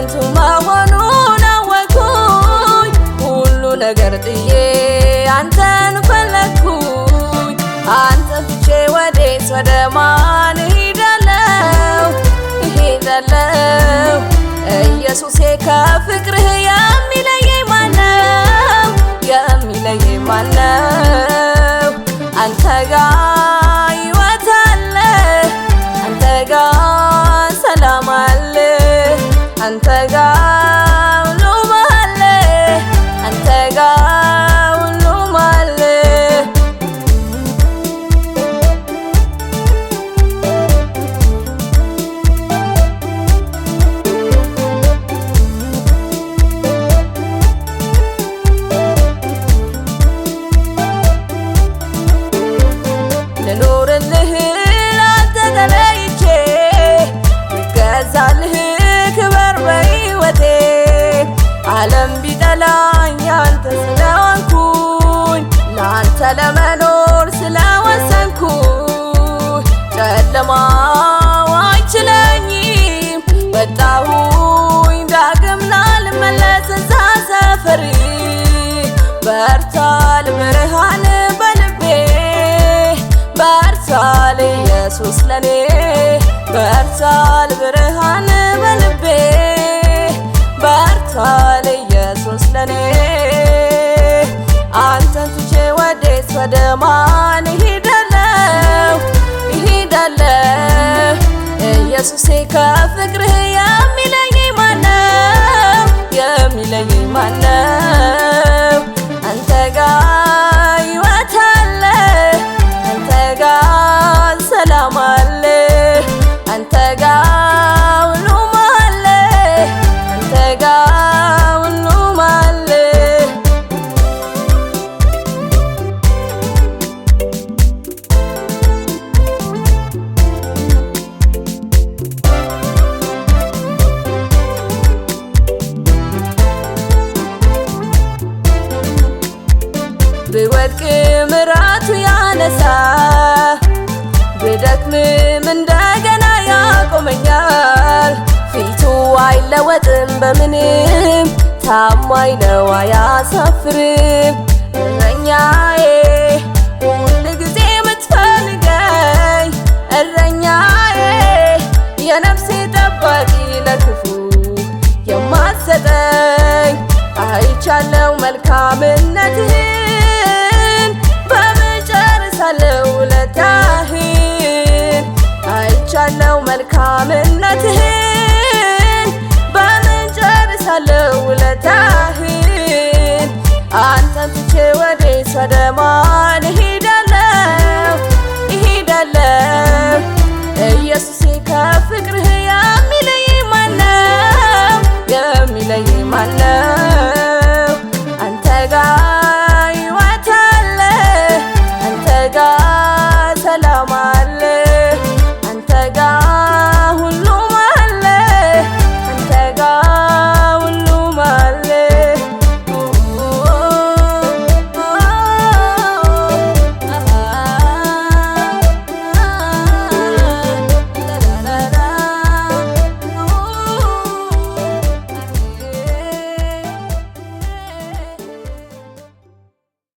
ያንቱ መሆኑን አወኩኝ። ሁሉ ነገር ጥዬ አንተን ፈለግኩኝ። አንጠፍቼ ወዴት ወደ ማን ሄዳለሁ? ይሄዳለሁ ኢየሱሴ ከፍቅርህ የሚለየኝ ማነው? የሚለየኝ ማነው? ኢየሱስ ለኔ በርታል ብርሃን በልቤ በርታል ኢየሱስ ለኔ አንተን ትቼ ወዴት ወደ ማን እሄዳለሁ እሄዳለሁ ኢየሱሴ ከፍቅር ብወድቅ ምራቱ ያነሳ ብደክምም እንደገና ያቆመኛል። ፊቱ አይለወጥም በምንም ታማኝ ነው አያሳፍርም። እረኛዬ ሁል ጊዜ የምትፈልገኝ እረኛዬ የነፍሴ ጠባቂ ለክፉ የማትሰጠኝ አይቻለው መልካምነትህ ባለውለታህን አይቻለው መልካምነትህን በምን ጨርሳለው ውለታህን አንተን ትቼ ወዴት ሰደማንህ